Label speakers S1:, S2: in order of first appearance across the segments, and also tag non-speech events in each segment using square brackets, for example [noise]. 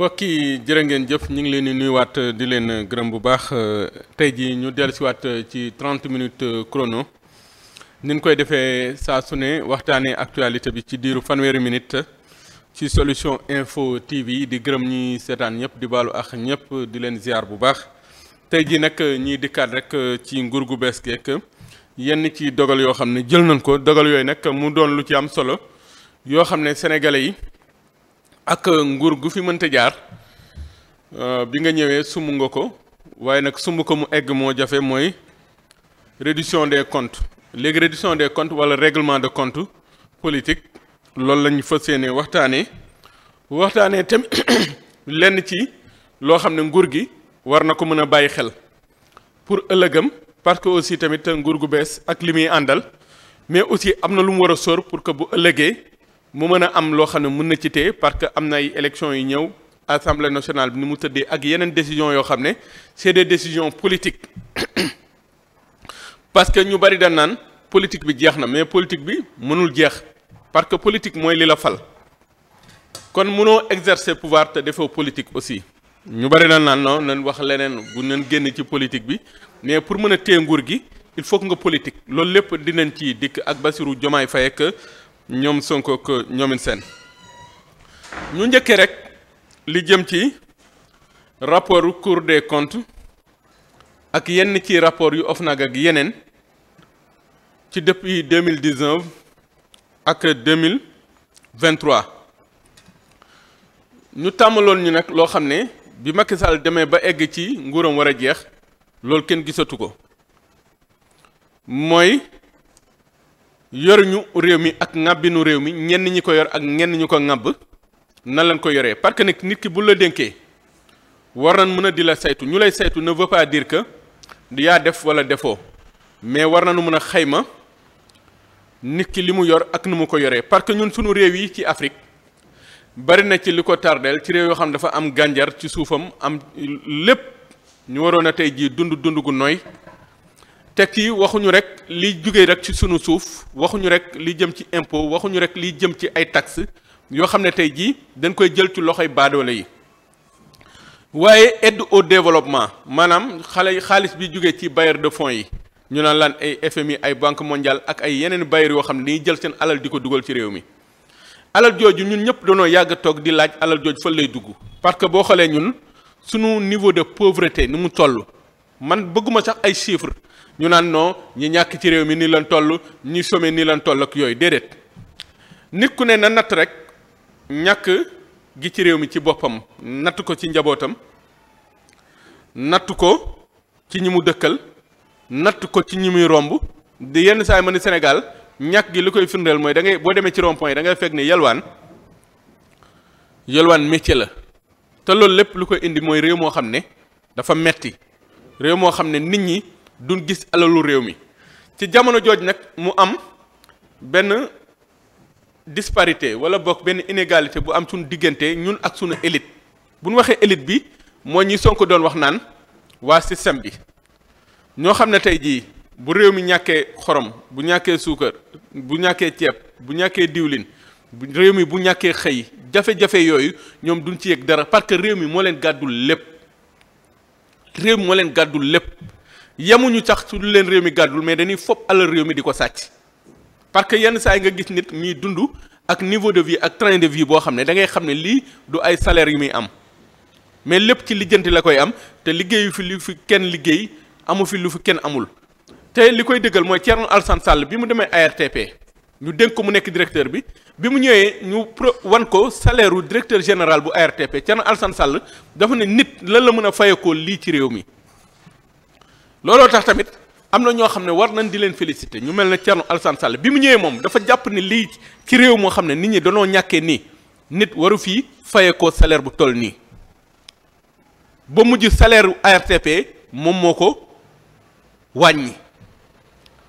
S1: mbokk yi jërë ngeen jëf ñu ngi leen di nuyuwaat di leen gërëm bu baax tey jii ñu dellusiwaat ci 30 minutes crono nin koy defee saa su waxtaanee actualité bi ci diiru fanweeri minute ci solution info TV di gërëm ñi seetaan ñëpp di baalu ak ñëpp di leen ziar bu baax tey jii nag ñiy dikkaat rek ci nguur gu bees geek yenn ci dogal yoo xam ne jël nañ ko dogal yooyu nag mu doon lu ci am solo yoo xam ne sénégalais yi. ak euh, nguur gu fi mënta jaar euh, bi nga ñëwee sumb nga ko waaye nag sumb ko mu egg moo jafe mooy réduction des comptes léegi réduction des comptes wala réglement de compte politique loolu la ñu fas yéene waxtaanee waxtaanee tamit [coughs] lenn ci loo xam ne nguur gi war na ko mën a bàyyi xel pour ëllëgam parce que aussi tamit nguur gu bees ak li muy àndal mais aussi am na lu mu war a sóor pour que bu ëllëgee mu mën a am loo xam ne mun na ci téye parce que am na ay élections yu ñëw assemblée nationale bi ni mu tëddee ak yeneen décision yoo xam ne c'est des décisions politiques [coughs] parce que ñu bari dañ naan politique bi jeex na mais politique bi mënul jeex parce que politique mooy li la fal kon mënoo exercer pouvoir te defoo politique aussi ñu bari dañ naan non nañ wax leneen bu nañ génn ci politique bi mais pour mën a téye nguur gi il faut que nga politique loolu lépp dinañ ci dikk ak Bassirou Diomaye Faye ñoom Sonko ñoomin seen ñu njëkkee rek li jëm ci rapport Cour des comptes ak yenn ci rapport yu OFNAC ak yeneen ci depuis 2019 ak 2023 ñu tàmmaloon ñu nag loo xam ne bi Macky Sall demee ba egg ci nguuram war a jeex loolu kenn gisatu ko mooy yoruñu réew mi ak ŋàbbinu réew mi ñenn ñi ko yor ak ñenn ñi ko ŋàbb nan lañ ko yoree parce que nag nit ki bul la dénkee war nañ mën a di la saytu ñu lay saytu na veut pas dire que yaa def wala defoo mais war nañu mën a xayma nit ki li mu yor ak nu mu ko yoree parce que ñun suñu réew yi ci Afrique bari na ci li ko tardeel ci réew yoo xam dafa am gànjar ci suufam am lépp ñu waroon a tey jii dund dund gu nooy tekki waxuñu rek li jugee rek ci sunu suuf waxuñu rek li jëm ci impôt waxuñu rek li jëm ci ay taxes yoo xam ne tey jii dañ koy jël ci loxoy baadoole yi waaye aide au développement maanaam xale yi xaalis biy jugee ci bailleur de fonds yi ñu naan laan ay FMI ay banque mondiale ak ay yeneen bailleur yoo xam ne dañuy jël seen alal di ko dugal ci réew mi alal jooju ñun ñëpp dañoo yàgg toog di laaj alal jooju fan lay dugg parce que boo xoolee ñun sunu niveau de pauvreté ni mu toll man bëgguma sax ay chiffres. ñu naan noo ñi ñàkk ci réew mi nii lan toll ñi some nii leen toll ak yooyu déedéet nit ku ne na natt rek ñàkk gi ci réew mi ci boppam natt ko ci njabootam natt ko ci ñi mu dëkkal natt ko ci ñi muy romb di yenn saay yi ma ni Sénégal ñàkk gi lu koy firndeel mooy dangay boo demee ci rond yi dangay ngay fekk ni yalwaan yalwaan métier la te loolu lépp lu koy indi mooy réew moo xam ne dafa metti réew moo xam ne nit ñi duñ gis alalu réew mi ci jamono jooj nag mu am benn disparité wala bokk benn inégalité bu am suñu diggante ñun ak suñu élite bu ñu waxee élite bi moo ñi Sonko doon wax naan waa système bi ñoo xam ne tey jii bu réew mi ñàkkee xorom bu ñàkkee suukar bu ñàkkee ceeb bu ñàkkee diwlin bu réew mi bu ñàkkee xëy jafe-jafe yooyu ñoom duñ ci yëg dara parce que réew mi moo leen gàddul lépp réew mi moo leen gàddul lépp yemuñu sax su lu leen réew mi gàddul mais dañuy fopp alal réew mi di ko sàcc parce que yenn saa yi nga gis nit muy dund ak niveau de vie ak train de vie boo xam ne dangay xam ne lii du ay salaire yu muy am mais lépp ci lijjanti la koy am te liggéeyu fi lu fi kenn liggéey amu fi lu fi kenn amul te li koy dëggal mooy Thierno Alassane Sall bi mu demee ARTP ñu dénk ko mu nekk directeur bi bi mu ñëwee ñu pro wan ko salaire u directeur général bu ARTP Thierno Alassane dafa ne nit lan la mën a fayekoo lii ci réew mi looloo tax tamit am na ñoo xam ne war nañ di leen féliciter ñu mel ne Thierno Alassane Sall bi mu ñëwee moom dafa jàpp ni lii ci réew moo xam ne nit ñi danoo ñàkkee nii nit waru fii faye ko salaire bu toll nii ba mujj salaire ARTP moom moo ko wàññi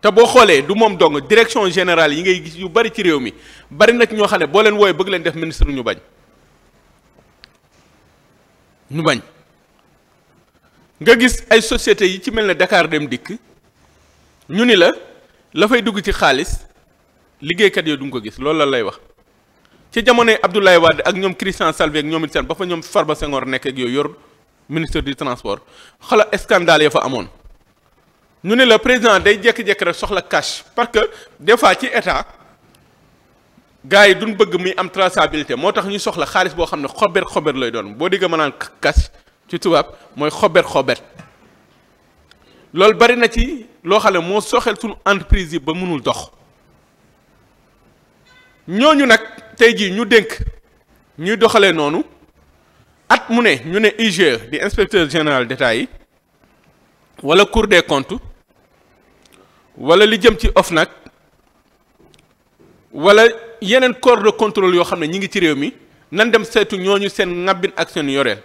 S1: te boo xoolee du moom dong direction générale yi ngay gis yu bari ci réew mi bari nag ñoo xam ne boo leen wooyee bëgg leen def ministre ñu bañ ñu bañ nga gis ay sociétés yi ci mel ne Dakar dem dikk ñu ni la la fay dugg ci xaalis liggéeykat yooyu du nga ko gis loolu la lay wax ci jamonoy Abdoulaye Wade ak ñoom Christian Salvé ak ñoom it seen ba fa ñoom Farba Senghor nekk ak yooyu yor ministre du transport xala scandale ya fa amoon ñu ne la président day jékki-jékki rek soxla cash parce que des fois ci état gars yi duñ bëgg muy am traçabilité moo tax ñu soxla xaalis boo xam ne xober xober lay doon boo digga mënaan cash ci tubaab mooy xobet xobet loolu bari na ci loo xam ne moo soxal suñu entreprise yi ba mënul dox ñooñu nag tey jii ñu dénk ñuy doxalee noonu at mu ne ñu ne IGE di inspecteur général d'État yi wala Cour de comptes wala li jëm ci nag wala yeneen corps de contrôle yoo xam ne ñi ngi ci réew mi nan dem seetu ñooñu seen ŋàbbin ak seen yoreel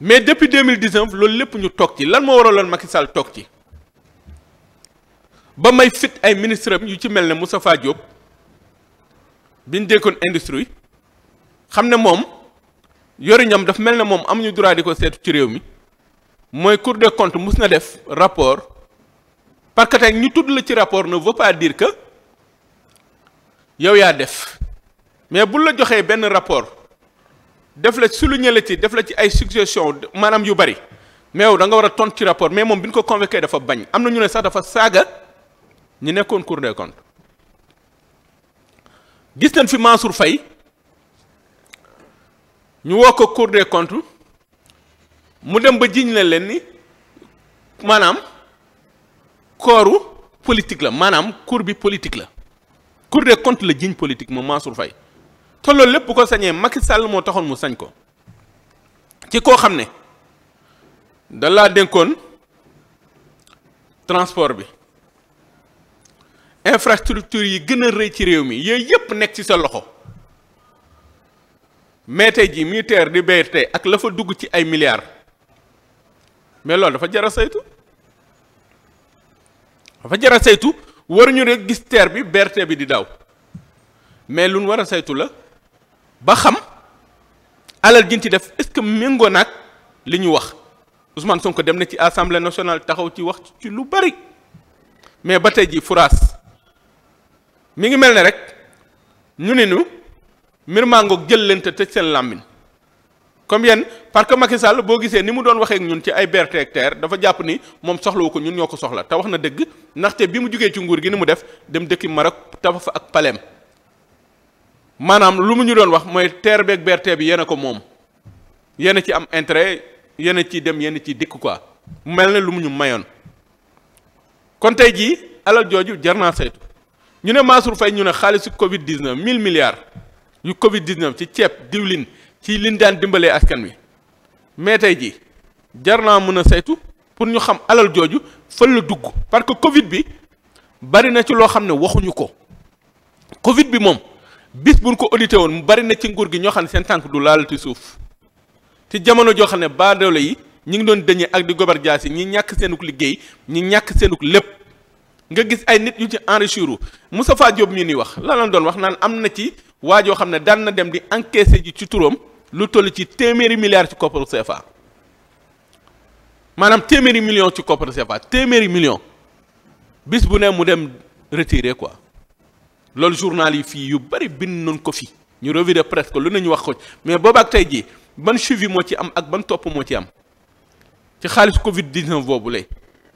S1: mais depuis 2019 loolu lépp ñu toog ci lan moo waraloon Macky Sall toog ci ba may fit ay ministre yu ci mel ne Moustapha Diop bi ñu dénkoon industrie xam ne moom yoriñam daf mel ne moom amuñu droit di ko seetu ci réew mi mooy Cour des comptes mus na def rapport parce que tey ñu tudd la ci rapport na veut pas dire que yow yaa def mais bu la joxee benn rapport. def la souligner la ci def la ci ay suggestion maanaam yu bari mais yow da nga war a tontu ci rapport mais moom bi ñu ko convoqué dafa bañ am na saaga ñu nekkoon Cour des comptes gis nañ fi Mansour fay ñu woo ko Cour des comptes mu dem ba jiñ leen leen ni maanaam kooru politique la maanaam cour bi politique la Cour des comptes la jiñ politique moom Mansour Faye te lépp bu ko sañee Macky Sall moo taxoon mu sañ ko ci koo xam ne da laa dénkoon transport bi infrastructure yi gën a rëy ci réew mi yooyu yépp nekk ci sa loxo mais tey jii militaire di BRT ak la fa dugg ci ay milliards mais loolu dafa jara a saytu dafa jar a saytu waruñu rek gis terre bi berte bi di daw mais lu war a saytu la. ba xam alal jin ci def est-ce que méngoo naag li ñu wax Ousmane Sonko dem na ci assemblée nationale taxaw ci wax ci lu bari mais ba tey ji furaas mi ngi mel ne rek ñu ne ñu mbir maa ngoog jël leen te tëj seen làmmiñ comme yéen parce que Macky Sall boo gisee ni mu doon waxeek ñun ci ay berte ak terre dafa jàpp ni moom soxlawu ko ñun ñoo ko soxla te wax na dëgg ndaxte bi mu jugee ci nguur gi ni mu def dem dëkki Maroc tafa fa ak paleem maanaam lu mu ñu doon wax mooy terre beeg berte bi yéen a ko moom yéen a ci am intérêt yéen a ci dem yéen ci dikk quoi mel na lu mu ñu mayoon kon tey jii alal jooju jar naa saytu ñu ne Mansour Faye ñu ne xaalisu Covid 19 mille milliards yu Covid 19 ci ceeb diwlin ci liñ daan dimbalee askan wi mais tey jii jar naa mën a saytu pour ñu xam alal jooju fan la dugg parce que Covid bi bari na ci loo xam ne waxuñu ko Covid bi moom. bis buñ ko audité woon mu bari na ci nguur gi ñoo xam ne seen tànk du ci suuf te jamono joo xam ne baadoole yi ñu ngi doon dëñee ak di gobar jaas yi ñi ñàkk seenuk liggéey ñi ñàkk seenuk lépp nga gis ay nit yu ci enrichiru Moustapha Diop mii ni wax la lan doon wax naan am na ci waa joo xam ne daan na dem di encaissé ji ci turam lu toll ci téeméeri milliards ci kopparu CFA maanaam téeméeri million ci kopparu CFA téeméeri million bis bu ne mu dem retiré quoi loolu journal yi fii yu bari bind nañ ko fii ñu revue de presse ko lu nañu wax ko mais booba ak tey jii ban suivi moo ci am ak ban topp moo ci am ci xaalis Covid 19 boobu lay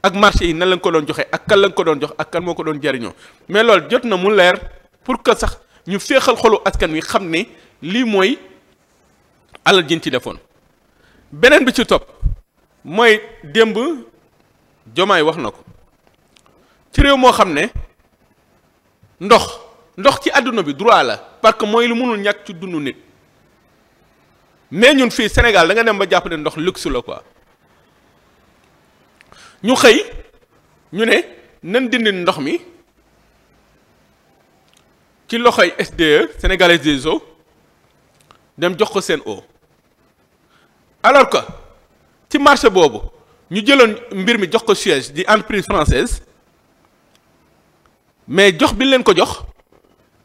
S1: ak marché yi nan lañ ko doon joxe ak kan lañ ko doon jox ak kan moo ko doon jariñoo mais loolu jot na mu leer pour que sax ñu féexal xolu askan wi xam ne lii mooy alal jën ci defoon beneen bi ci topp mooy démb jomaay wax na ko ci réew moo xam ne ndox. ndox ci àdduna bi droit la parce que mooy lu mënul ñàkk ci dundu nit mais ñun fii Sénégal da nga dem ba jàpp ndox luxe la quoi ñu xëy ñu ne nan dindi ndox mi ci loxoy SDE Sénégalaise des eaux dem jox ko seen o alors que ci marché boobu ñu jëloon mbir mi jox ko Suez di entreprise française mais jox bi leen ko jox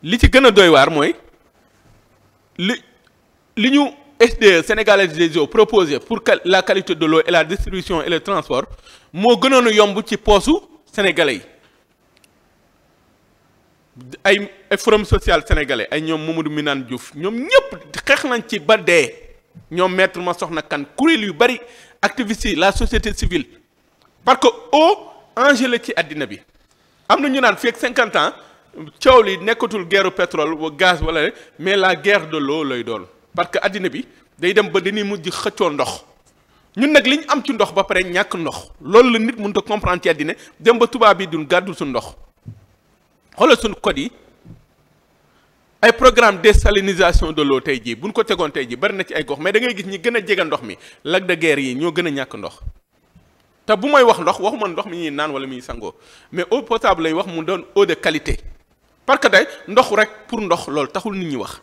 S1: li ci gën a doy waar mooy li li ñu SDE sénégalaise des eaux proposé pour la qualité de l'eau et la distribution et le transport moo gënoon a yomb ci poosu sénégalais yi ay ay forum social sénégalais ay ñoom Mamadou Minane Diouf ñoom ñëpp xeex nañ ci ba dee ñoom maître ma soxna kan kuréel yu bari activistes la société civile parce que eau enjeu la ci àddina bi am na ñu naan fii cinquante 50 ans. coow li nekkatul guerre pétrole wa gaz wala mais la guerre de l'eau lay doon parce que àddina bi day dem ba dañuy mujj xëccoo ndox ñun nag li ñu am ci ndox ba pare ñàkk ndox loolu la nit mënut a comprendre ci àddina dem ba tubaab yi duñ gàddul suñ ndox xoolal suñ code yi ay programme désalinisation de l'eau tey jii buñ ko tegoon tey jii bari na ci ay gox mais da ngay gis ñi gën a jege ndox mi lac de yi ñoo gën a ñàkk ndox te bu may wax ndox waxuma ndox mi ñuy naan wala mi ñuy sangoo mais eau potable lay wax mu doon eau de parce que day ndox rek pour ndox loolu taxul nit ñi wax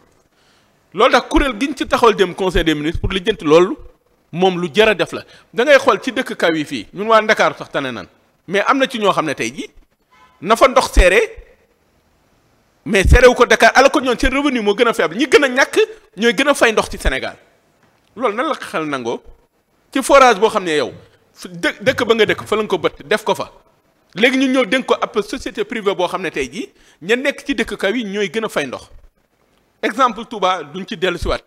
S1: loolu tax kuréel gi ñu ci taxawal dem conseil des ministres pour lijjanti loolu moom lu jar a def la dangay ngay xool ci dëkk kaw yi fii ñun waa Ndakaaru sax tane nan mais am na ci ñoo xam ne tey jii na fa ndox seeree mais seerewu ko Dakar ala ko ñoon seen revenu moo gën a faible ñi gën a ñàkk ñooy gën a fay ndox ci Sénégal loolu na la xel nangoo ci forage boo xam ne yow dë dëkk ba nga dëkk fa la nga ko bët def ko fa léegi ñu ñëw dénk ko app société privée boo xam ne tey jii ña nekk ci dëkk kaw yi ñooy gën a fay ndox exemple Touba duñ ci dellu siwaat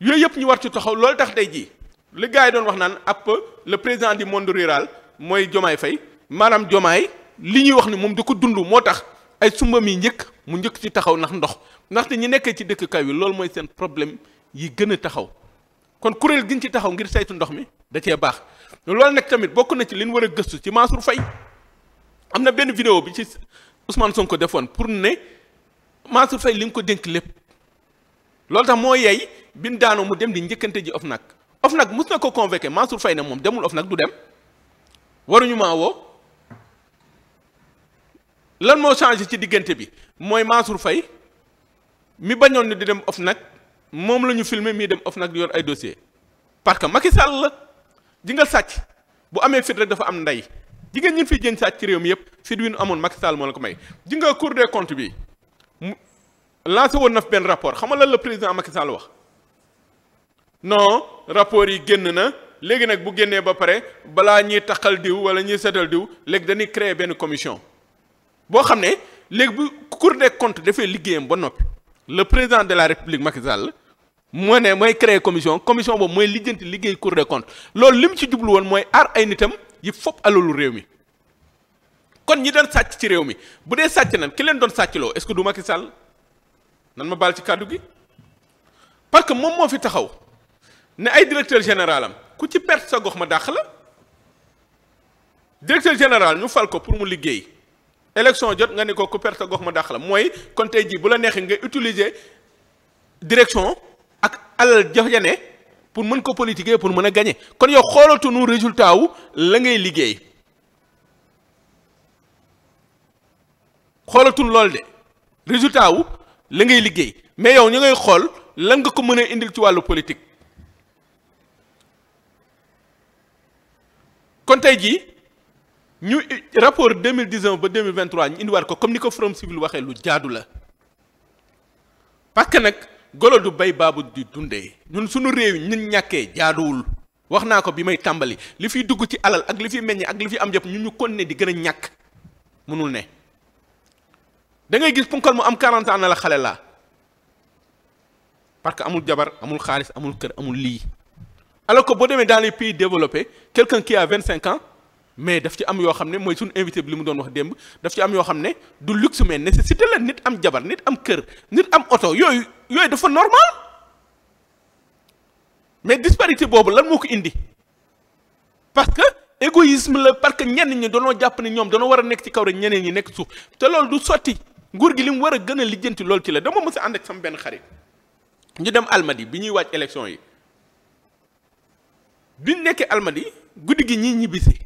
S1: yooyu yëpp ñu war ci taxaw loolu tax tey ji li gars yi doon wax naan ab le président du monde rural mooy Jomaay Fay maanaam Jomaay li ñuy wax ni moom di ko dund moo tax ay sumbam yi njëkk mu njëkk ci taxaw ndax ndox ndaxte ñi nekkee ci dëkk kaw yi loolu mooy seen problème yi gën a taxaw kon kuréel gi ci taxaw ngir saytu ndox mi da cee loolu nag tamit bokk na ci li ñu war a gëstu ci Mansour Faye am na benn vidéo bi ci Ousmane ko defoon pour ne Mansour Faye li nga ko dénk lépp loolu tax moo yey bin daanoo mu dem di njëkkante ji OFNAC OFNAC mus na ko convoqué Mansour Faye ne moom demul OFNAC dem waruñu maa lan moo changé ci diggante bi mooy Mansour Faye mi bañoon ni di dem OFNAC moom la ñu filmé mii dem OFNAC di yor ay dossier parce que Macky Sall la di nga sàcc bu amee fit rek dafa am ndey jigéen ñi fi jën sàcc ci réew mi yëpp fit wi nu amoon Macky Sall moo la ko may ji nga Cour des bi mu lancé woon na fi benn rapport xam nga lan la président Macky Sall wax non rapport yi génn na léegi nag bu génnee ba pare balaa ñuy taqal diw wala ñuy setal diw léegi dañuy créer benn commission boo xam ne léegi bu Cour des comptes dafay liggéeyam ba noppi le président de la république Macky Sall moo ne mooy créer commission commission boobu mooy lijjanti liggéey Cour des comptes li mu ci jublu mooy aar ay nitam. yi fopp alalu réew mi kon ñi doon sàcc ci réew mi bu dee sàcc nan ki leen doon sàccloo est-ce que du Macky Sall nan ma baal ci kàddu gi parce que moom moo fi taxaw ne ay directeur général am ku ci perte sa gox ma dàq la directeur général ñu fal ko pour mu liggéey élection jot nga ne ko ku perte sa gox ma dàq la mooy kon tey jii bu la neexee nga utiliser direction ak alal jox ja ne pour mën ko politiquer pour mën a gagner kon yow xoolatunu résultat wu la ngay liggéey xoolatun lool de résultat wu la ngay liggéey mais yow ñu ngay xool lan nga ko mën a indil ci wàllu politique kon tey jii ñu rapport 2019 ba 2023 ñu indiwaat ko comme ni ko Forum Civil waxee lu jaadu la parce que nag golo du bay baabu di dunde ñun suñu réew ñun ñàkkee jaaduwul wax naa ko bi may tàmbali li fiy dugg ci alal ak li fiy meññ ak li fiy am yëpp ñu ñu continuer di gën a ñàkk mënul ne da ngay gis punkal mu am 40 ans na la xale laa parce que amul jabar amul xaalis amul kër amul lii alors que boo demee dans les pays développés quelqu'un qui vingt cinq ans mais daf ci am yoo xam ne mooy suñu invité bi li mu doon wax démb daf ci am yoo xam ne du luxe mais nécessité la nit am jabar nit am kër nit am oto yooyu yooyu dafa normal mais disparité boobu lan moo ko indi parce que égoïsme la parce que ñenn ñi danoo jàpp ne ñoom danoo war a nekk ci kaw rek ñeneen ñi nekk suuf te loolu du sotti nguur gi li mu war a gën a lijjanti loolu ci la dama mës a ànd ak sama benn xarit ñu dem Almadi bi ñuy wàcc élection yi biñ nekkee Almadi guddi gi ñii ñibbisi.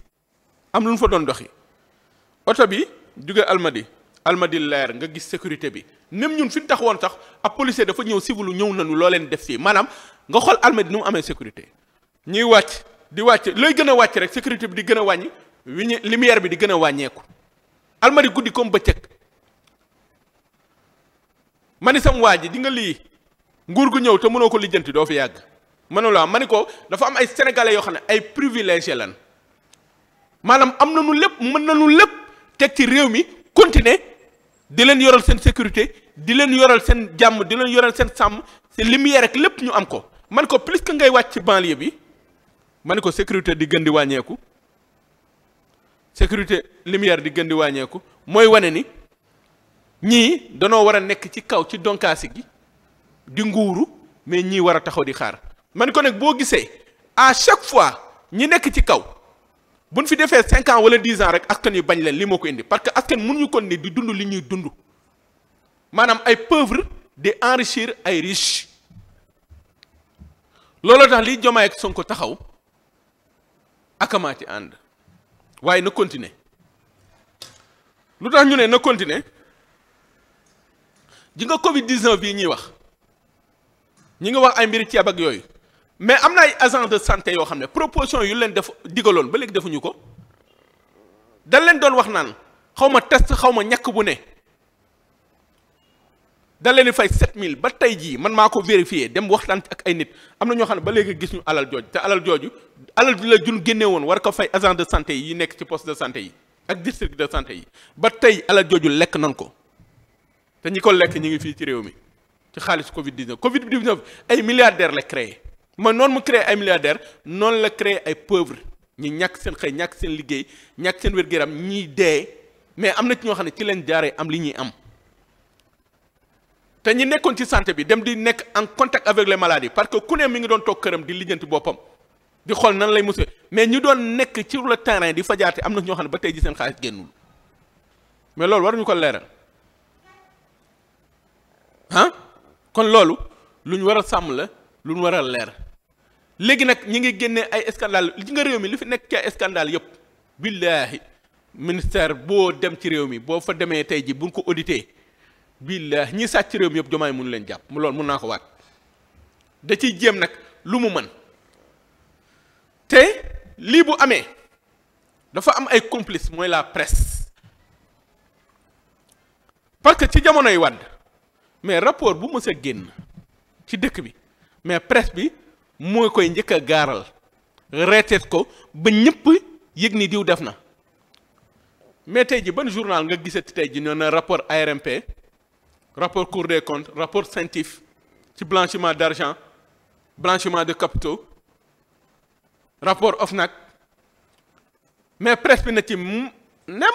S1: am lu ñu fa doon dox doxi oto bi jóge almadi almadi leer nga gis sécurité bi même ñun fi ñu tax woon sax ab policier dafa ñëw sivilu ñëw nañu loo leen def fii maanaam nga xool almadi nu mu amee sécurité ñuy wàcc di wàcc looy gën a wàcc rek sécurité bi di gën a wàññi wiñu lumière bi di gën a wàññeeku almadi guddi comme bëccëg ma ni sam waa ji di nga lii nguur gu ñëw te mënoo ko lijjanti doo fi yàgg mënulaa ma ni ko dafa am ay sénégalais yoo xam ne ay privilégié lan maanaam am na nu lépp mën na lépp teg ci réew mi continuer di leen yoral seen sécurité di leen yoral seen jàmm di leen yoral seen sàmm seen lumière rek lépp ñu am ko man ko plus que ngay wàcc ci banlieue bi ma ne ko sécurité di gën di wàññeeku sécurité lumière di gën di wàññeeku mooy wane ni ñii danoo war a nekk ci kaw ci donkaasi gi di nguuru mais ñii war a taxaw di xaar man ko nag boo gisee à chaque fois ñi nekk ci kaw bu buñ fi defee cinq ans wala dix ans rek askan yu bañ leen li moo ko indi parce que askan ñu kon ni di dund li ñuy dund maanaam ay pauvres di enrichir ay riches looloo tax li Diomaye ak ko taxaw akamaa ci ànd waaye na continuer lu tax ñu ne na continuer ji nga Covid 19 bii ñuy wax ñi ngi wax ay mbiri ceeb ak yooyu. mais am na ay agents de santé yoo xam ne proposition yu leen def digaloon ba léegi defuñu ko dañ leen doon wax naan xaw ma test xaw ma ñàkk bu ne dañ leen di fay mille ba tey jii man maa ko vérifié dem waxtaan ak ay nit am na ñoo xam ne ba léegi gis ñu alal jooju te alal jooju alal la jun génne woon war ko fay agent de santé yi nekk ci poste de santé yi ak district de santé yi ba tey alal jooju lekk nan ko te ñi ko lekk ñu ngi fii ci réew mi ci xaalis Covid 19 Covid 19 ay milliardaires la créé. ma noonu mu créé ay milliardaires noonu la créé ay pauvres ñi ñàkk seen xëy ñàkk seen liggéey ñàkk seen wér-gu-yaram ñiy dee mais am na ci ñoo xam ne ci leen jaaree am li ñuy am te ñi nekkoon ci santé bi dem di nekk en contact avec les maladies parce que ku ne mi ngi doon toog këram di lijjanti boppam di xool nan lay musee mais ñu doon nekk ci le terrain di fajaate am na ñoo xam ne ba tey ji seen xaalis génnul mais loolu waruñu ko leeral ah kon loolu lu ñu war a sàmm la lu ñu war a leer. léegi nag ñi ngi génne ay scandale li nga réew mi li fi nekk ca scandale yëpp billaahi ministère boo dem ci réew mi boo fa demee tey ji buñ ko audité billaahi ñi sàcc réew mi yëpp jomaay munu leen jàpp mu loolu mun naa ko waat da ciy jéem nag lu mu mën te lii bu amee dafa am ay complice mooy la presse parce que ci jamonoy Wàdd mais rapport bu mës génn ci dëkk bi mais presse bi moo koy njëkk a gaaral reeteet ko ba ñëpp yëg ni diw def na mais tey ji ban journal nga gisati tey ji ñoo na rapport ARMP rapport Cour des comptes rapport CENTIF ci blanchiment d'argent blanchiment de capitaux rapport nag mais presse bi na ci nem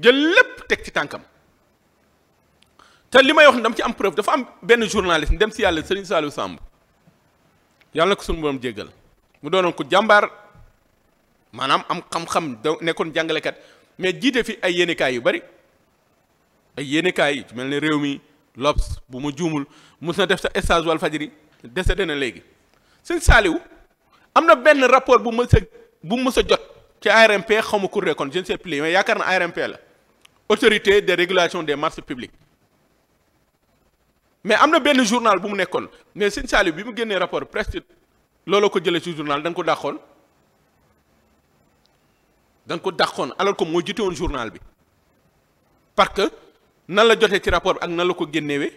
S1: jël lépp teg ci tànkam te li may wax dama ci am preuve dafa am benn journaliste dem si yàlla Serigne Saliou Samb yàlla na ko suñu borom jéggal mu doonoon ko jàmbaar maanaam am xam-xam da nekkoon jàngalekat mais jiite fi ay yéenekaay yu bari ay yéenekaay yu mel ne réew mi L'Obs bu ma juumul mos na def sa stage Walfadjri décédé na léegi sëñ Saliou am na benn rapport bu mës a bu mës a jot ci ARMP xaw ma Cour des comptes je plus yaakaar na ARMP la autorité de régulation des marchés publics mais am na benn journal bu mu nekkoon mais sëñ Saliou bi mu génnee rapport presque looloo ko jëlee ci journal da nga ko dàqoon da nga ko dàqoon alors que moo jite woon journal bi parce que nan la jotee ci rapport bi ak na la ko génnewee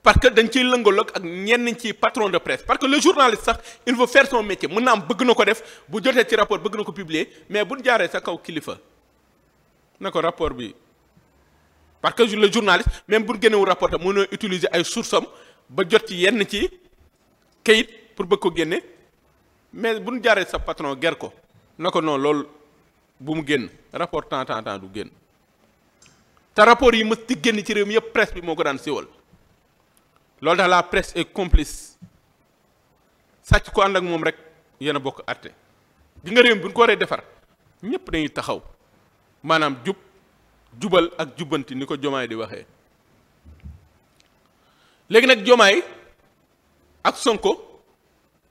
S1: parce que dañ ciy lëngaloog ak ñenn ci patron de presse parce que le journaliste sax il veut faire son métier mën na am bëgg na ko def bu jotee ci rapport bëgg na ko publier mais buñ jaaree sa kaw kilifa na ko rapport bi. parce que le journaliste même bu génnewul rapport tam mën a ay sources am ba jot ci yenn ci kayit pour bëgg ko génne mais bu ñu jaaree sa patron ger ko na ko noonu lool bu mu génn rapport temps temps du génn te rapport yi mës di génn ci réew mi yëpp presse bi moo ko daan siiwal loolu tax la presse est complice sàcc ko ànd ak moom rek yéen a bokk àtte gi nga réew mi bu ko waree defar ñëpp dañuy taxaw maanaam jub. jubal ak jubbanti ni ko jomaay di waxee léegi nag jomaay ak sonko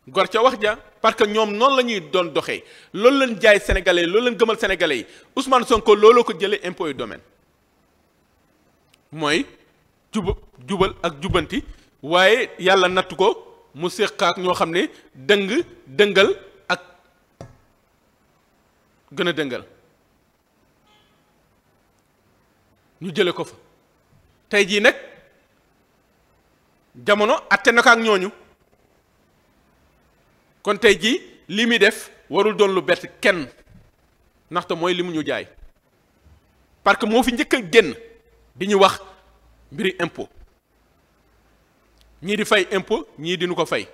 S1: gor ca wax ja parce que ñoom noonu la ñuy doon doxee loolu leen jaay sénégalais loolu leen gëmal sénégalais yi Ousmane Sonko looloo ko jëlee impôt domaine mooy jub jubal ak jubbanti waaye yàlla nattu ko mu séq ak ñoo xam ne dëng dëngal ak gën a dëngal ñu jële ko fa tey jii nag jamono atte na ko ak ñooñu kon tey ji li muy def warul doon lu bett kenn ndaxte mooy limu ñu jaay parce que moo fi njëkk a génn di ñu wax mbiri impôt ñii di fay impôt ñii di ko fay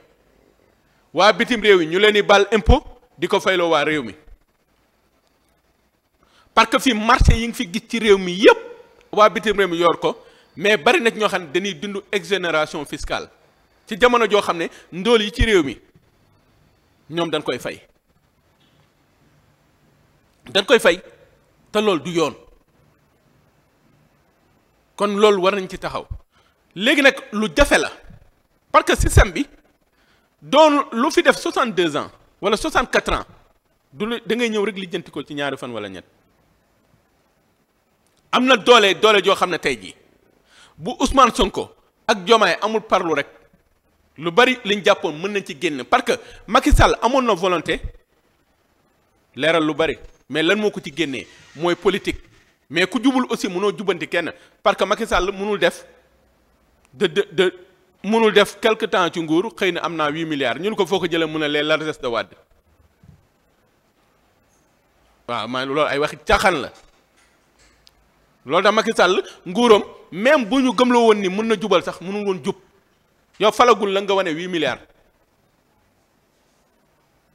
S1: waa bitim réew yi ñu leen di baal impôt di ko fayloo waa réew mi parce que fi marché yi ngi fi gis ci réew mi yépp waa bitim réew mi yor ko mais bari na ñoo xam ne dañuy dund exonération fiscale ci jamono joo xam ne ndool yi ci réew mi ñoom dañ koy fay dañ koy fay te loolu du yoon kon loolu war a nañ ci taxaw léegi nag lu jafe la parce que système bi doon lu fi def 62 ans wala 64 ans du da ngay ñëw rek lijjanti ci ñaari fan wala ñett. am na doole doole joo xam ne tey jii bu Ousmane Sonko ak Diomaye amul parlu rek lu bari liñ jàppoon mën nañ ci génn parce que Macky Sall amoon na volonté leeral lu bari mais lan moo ko ci génnee mooy politique mais ku jubul aussi mënoo jubanti kenn parce que Macky Sall mënul def de de de mënul def quelque temps ci nguur xëy na am naa huit milliards ñun ko foo ko jëlee mun a les largesses de Wade waaw man loolu ay waxi caaxaan la. loolu tax Macky sàll nguuram même bu ñu gëm la woon ni mën na jubal sax mënul woon jub yow falagul la nga wane huit milliards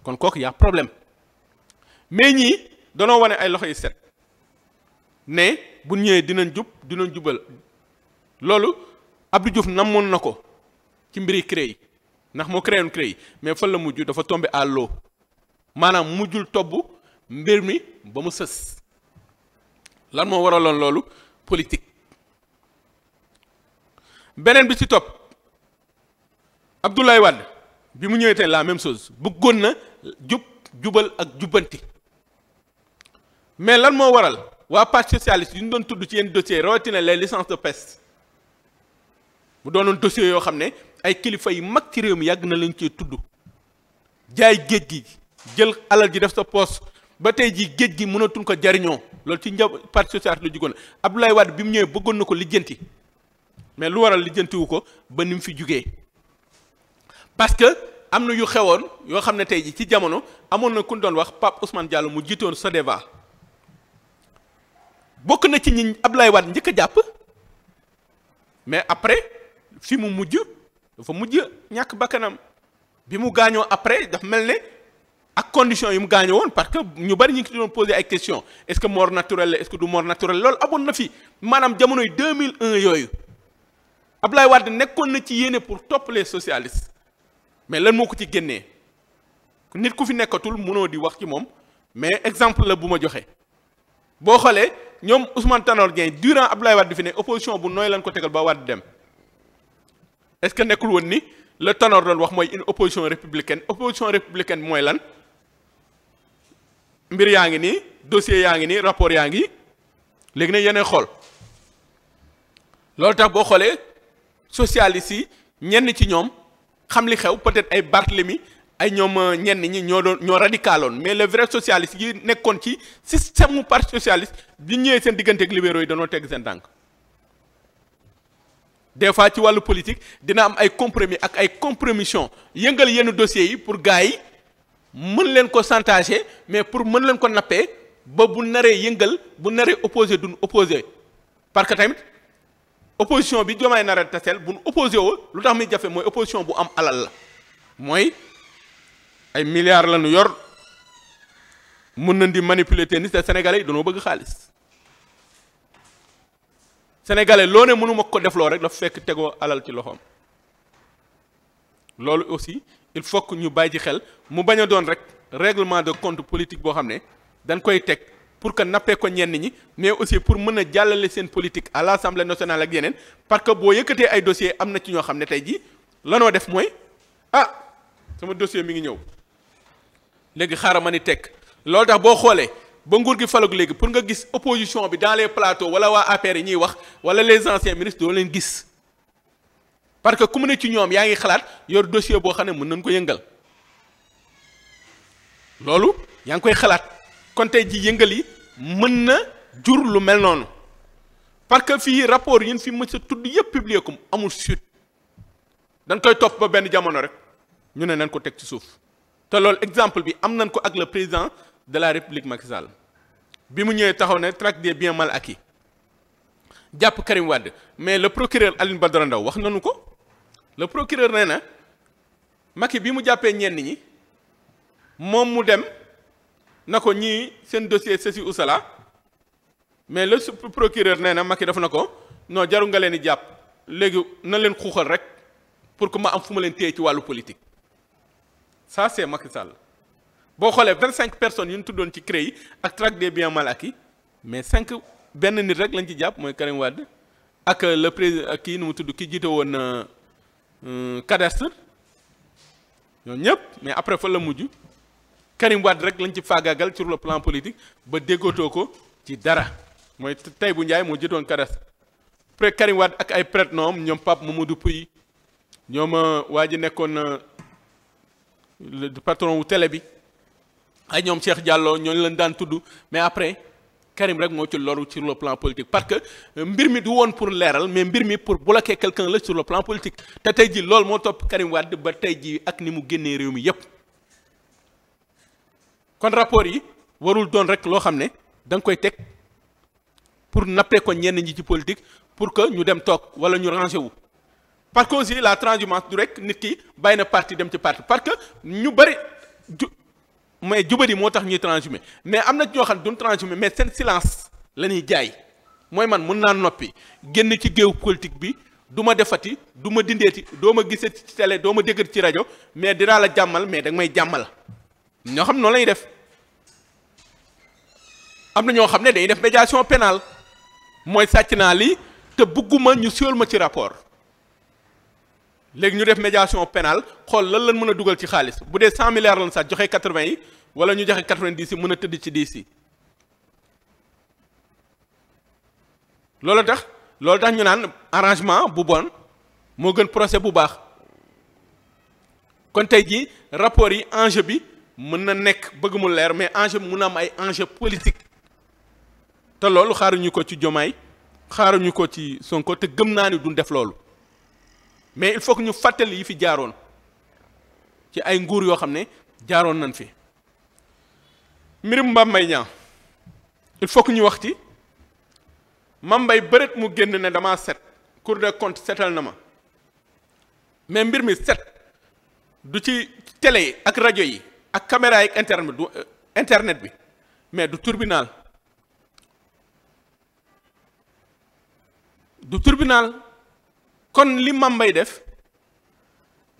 S1: kon kooku yaa problème mais ñii danoo wane ay loxo yu set ne bu ñëwee dinañ jub dinañ jubal loolu Abdou Diouf namoon na ko ci mbiri CREI ndax moo créé woon CREI yi mais fan la mujj dafa tombé à l'eau maanaam mujjul tobb mbir mi ba mu sës lan moo waraloon loolu politique beneen bi ci topp Abdoulaye Wade bi mu ñëwee tey la même chose bëggoon na jub jubal ak jubbanti mais lan moo waral waa parti socialiste yu ñu doon tudd ci yenn dossiers rawatina les licences de pêche mu doonoon dossiers yoo xam ne ay kilifa yu mag ci réew mi yàgg na lañ cee tudd jaay géej gi jël alal ji def sa poos ba tey ji géej gi mënatuñ ko jariñoo loolu ci njaw parti socialiste lu jugoon Abdoulaye Wade bi mu ñëwee bëggoon na ko lijjanti mais lu waral lijjantiwu ko ba ni mu fi jugee parce que am na yu xewoon yoo xam ne tey ji ci jamono amoon na ku ñu doon wax Pape Ousmane Diallo mu jiitoon Sodeva bokk na ci ñi Abdoulaye Wade njëkk jàpp mais après fi mu mujj dafa mujj ñàkk bakkanam bi mu gaañoo après daf mel ne ak condition yi mu gaañoo woon parce que ñu bari ñu ngi doon posé ay question est ce que mort naturelle la est ce que du mort naturelle loolu amoon na fi maanaam jamonoy 2001 yooyu Ablaye Wade nekkoon na ci yéene pour topp les socialistes mais lan moo ko ci génnee nit ku fi nekkatul mënoo di wax ci moom mais exemple la bu ma joxe boo xoolee ñoom Ousmane Tanor Dieng durant Ablaye Wade fi ne opposition bu nooy lan ko tegal ba Wade dem est ce que nekkul woon ni le Tanor doon wax mooy une opposition républicaine opposition républicaine mooy lan. mbir yaa ngi nii dossier yaa ngi nii rapport yaa ngi léegi nañ yeneen xool loolu tax boo xoolee socialistes yi ñenn ci ñoom xam li xew peut-être ay Barthélemy ay ñoom euh, ñenn ñi ñoo doon ñoo radicaloon mais le vrai socialiste yi nekkoon ci système mu parti socialiste bi ñëwee seen diggante ak libéraux yi dañoo teg seen dànk des fois ci wàllu politique dina am ay compromis ak ay compromission yëngal yenn dossiers yi pour gars yi. mën leen ko chantage mais pour mën leen ko nappee ba bu naree yëngal bu naree opposé duñ opposé parce que tamit opposition bi Diomaye nara bu buñ opposé woo lu tax muy jafe mooy opposition bu am alal la mooy ay milliards la ñu yor mën nañ di manipuler te nit Sénégalais yi dañoo bëgg xaalis Sénégalais loo ne mënuma ko defloo rek daf fekk tegoo alal ci loxoom loolu aussi il faut que ñu bàyyi ci xel mu bañ a doon rek règlement de compte politique boo xam ne dañ koy teg pour que nappee ko ñenn ñi mais aussi pour mën a jàllale seen politique à l'Assemblée nationale ak yeneen parce que boo yëkkatee ay dossiers am na ci ñoo xam ne tey jii lanoo def mooy ah sama dossier mi ngi ñëw léegi xaaral ma ni teg loo tax boo xoolee ba nguur gi faloog léegi pour nga gis opposition bi dans les plateaux waa APR yi ñuy wax wala les anciens ministres doo leen gis. parce que ku mu ci ñoom yaa ngi xalaat yor dossier boo xam ne mën nañ ko yëngal loolu yaa ngi koy xalaat kon tey ji yëngal yi mën na jur lu mel noonu parce que fii rapport yi ñu fi mës a tudd yëpp publier ko amul suite dan koy topp ba benn jamono rek ñu ne nañ ko teg ci suuf te loolu exemple bi am nañ ko ak le président de la république Macky bi mu ñëwee taxaw ne traque des biens mal ak yi jàpp Karim wàdd mais le procureur Aline Badara Ndaw wax nanu ko la procureur nee na Macky bi mu jàppee ñenn ñi moom mu dem na ko ñii seen dossier ceci ou cela mais le procureur nee na Macky def na ko noo jaru nga leen di jàpp léegi na leen xuuxal rek pour que ma am fu ma leen téye ci wàllu politique ça c'est Macky Sall boo xoolee vingt cinq personnes yu ñu tuddoon ci CREI yi ak traque des biens mal mais cinq benn nit rek lañ ci jàpp mooy Karim Wade ak le président kii nu mu tudd ki jiite woon cadastre euh, euh, ñoom ñëpp mais après fa la mujj Karim Wade rek lañ ci faagaagal sur le plan politique ba déggatoo ko ci dara mooy tey bu njaay moo jiitoon cadastre après Karim Wade ak ay prête noom ñoom pap Pape Mamadou ñoo ñoom euh, waa ji nekkoon le patron wu tele bi ay ñoom Cheikh Diallo ñooñu lañ daan tudd mais après. Karim rek moo ci loru sur le plan politique parce que euh, mbir mi du woon pour leeral mais mbir mi pour bloquer quelqu'un la sur le plan politique te tey ji loolu moo topp Karim Wade ba tey ji ak ni mu génnee réew mi yépp kon rapport yi warul doon rek loo xam ne da nga koy teg pour nappee ko ñenn ñi ci politique pour que ñu dem toog wala ñu rangé wu parce que aussi la transhumance du rek nit ki bàyyi na parti dem ci parti parce que ñu bëri mais jubar yi moo tax ñuy transhumé mais am na ñoo xam ne duñ transhumé seen silence la ñuy jaay mooy man mun naa noppi génn ci géew politique bi duma ma defati du ma dindeeti doo ma gisee ci tele doo ma dégg ci rajo mais dinaa la jàmmal mais danga may jàmmal ñoo xam noonu lañuy def am na ñoo xam ne dañuy def médiation penal mooy sàcc naa li te bugguma ñu siwal ma ci rapport léegi ñu def médiation pénal xool lan lan mën a dugal ci xaalis bu dee cent milliards lan sax joxe quatre vingt yi wala ñu joxe quatre vingt dix yi mën a tëdd ci dix yi loolu tax loolu tax ñu naan arrangement bu bon moo gën procès bu baax kon tey jii rapport yi enjeu bi mën na nekk bëggumu leer mais enjeu bi mun a am ay enjeu politique te loolu xaaruñu ko ci Jomaay xaaruñu ko ci Sonko te gëm naa ni duñ def loolu mais il faut ñu fàttali yi fi jaaroon ci ay nguur yoo xam ne jaaroon nañ fi mbirum Mame Mbaye Niang il faut que ñu wax ci mbay Mbaye bëreet mu génn ne damaa set Cour des comptes setal na ma mais mbir mi set du ci télé yi ak rajo yi ak caméra yi internet du euh, bi mais du tribunal du tribunal kon li Mame Mbaye def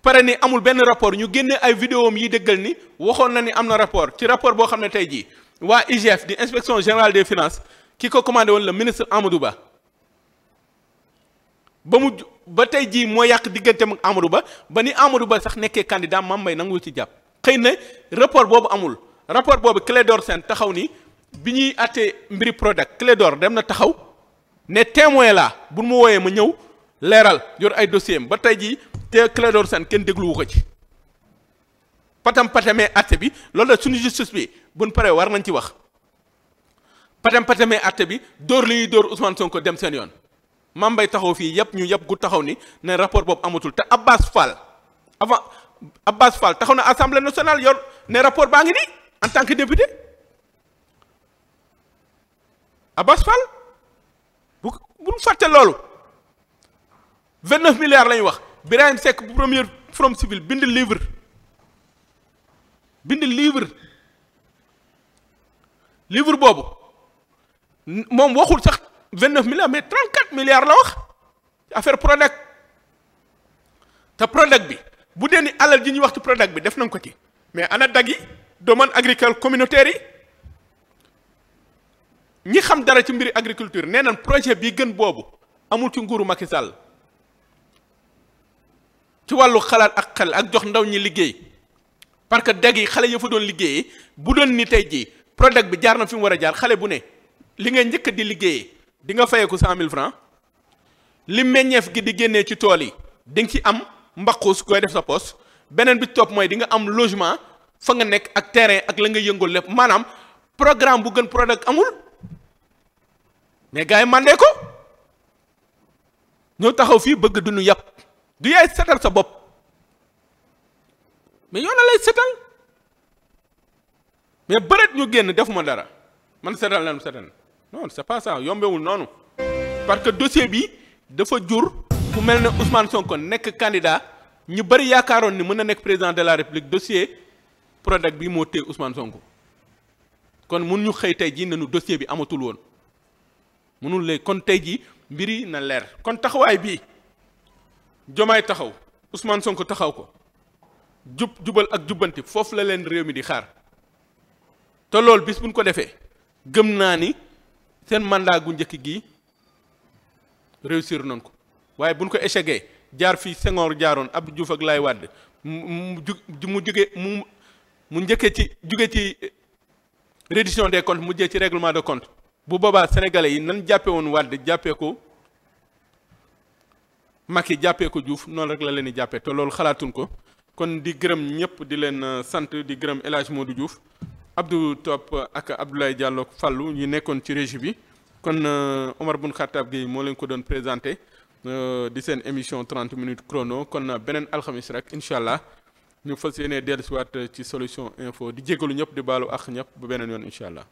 S1: pare ni amul benn rapport ñu génne ay vidéo am yi dëggal ni waxoon na ni am na rapport ci rapport boo xam ne tey jii waa IGF di inspection générale des finances ki ko commandé woon le ministre Amadou Ba ba mu ba tey jii moo yàq digganteem ak Amadou Ba ba ni Amadou Ba sax nekkee candidat Mame Mbaye nanguwul ci jàpp xëy na rapport boobu amul rapport boobu Clédor Sène taxaw ni bi ñuy àttee mbiri Prodac Clédor dem na taxaw ne témoin la bu mu wooyee ma ñëw. leeral yor ay dossier ba tey jii te Clédor Sène kenn dégluwu ko ci patam patamee àtte bi loolu la suñu justice bi buñ paree war nañ ci wax patam patamee àtte bi dóor li ñuy dóor Ousmane Sonko dem seen yoon Mame bay taxaw fii yëpp ñu yëpp gu taxaw ni ne rapport boobu amatul te Abbas Fall avant Abbas Fall taxaw na assemblée nationale yor ne rapport baa ngi nii en tant que député Abbas Fall bu bu fàtte loolu. vingt neuf milliards la ñu wax Birahim Seck bu premier Forum Civil bind livre bind livre livre boobu moom waxul sax vingt neuf milliards mais trente quatre milliards la wax affaire Prodac te Prodac bi bu dee ni alal ji ñuy wax ci Prodac bi def nañ ko ci mais ana dag yi domaine agricole communautaire yi ñi xam dara ci mbiri agriculture nee nañ projet bi gën boobu amul ci nguuru Macky Sall ci wàllu xalaat ak xel ak jox ndaw ñi liggéey parce que dag yi xale yoo fa doon liggéeyee bu doon ni tey jii projet bi jaar na fi mu war a jaar xale bu ne li ngay njëkk di liggéeyee di nga fayeeku cent mille francs li meññeef gi di génnee ci tool yi di nga ci am mbaqu su koy def sa poos beneen bi topp mooy di nga am logement fa nga nekk ak terrain ak la nga yëngul lépp maanaam programme bu gën projet amul mais gars yi mandee ko ñoo taxaw fii bëgg duñu yàpp du yaay setal sa bopp mais yoon a lay setal mais bëreet ñu génn defuma dara man setal lan setal non c'est pas ça yombewul noonu parce que dossier bi dafa jur ku mel ne Ousmane Sonko nekk candidat ñu bëri yaakaaroon ni mën na nekk président de la République dossier Prodac bi moo téye Ousmane Sonko kon mun ñu xëy tey jii nañu dossier bi amatul woon mënul léegi kon tey jii mbir yi na leer kon taxawaay bii Jomaay taxaw Ousmane Sonko taxaw ko jub jubal ak jubbanti foofu la leen réew mi di xaar te loolu bis buñ ko defee gëm naa ni seen mandat gu njëkk gi réussir nañ ko waaye buñ ko échecgee jaar fii Senghor jaaroon ab Diouf ak Laye Wade mu ju mu juge mu mu njëkkee ci juge ci reddition des comptes mu jee ci règlement de compte bu boobaa sénégalais yi nan jàppe woon Wade jàppee ko. yi jàppee ko Diouf noonu rek la leen di jàppee te loolu xalaatuñ ko kon di gërëm ñëpp di leen euh, sant di gërëm élage Hadj Modou Diouf Abdou topp ak Abdoulaye Diallo Fallou ñu nekkoon ci régie bi kon euh, Omar Boun Khattab Gueye moo leen ko doon présenté euh, di seen émission 30 minutes chrono kon beneen alxamis rek incha allah ñu fas yéene dellusiwaat ci solution info di jégalu ñëpp di baalu ak ñëpp bu beneen yoon incha allah.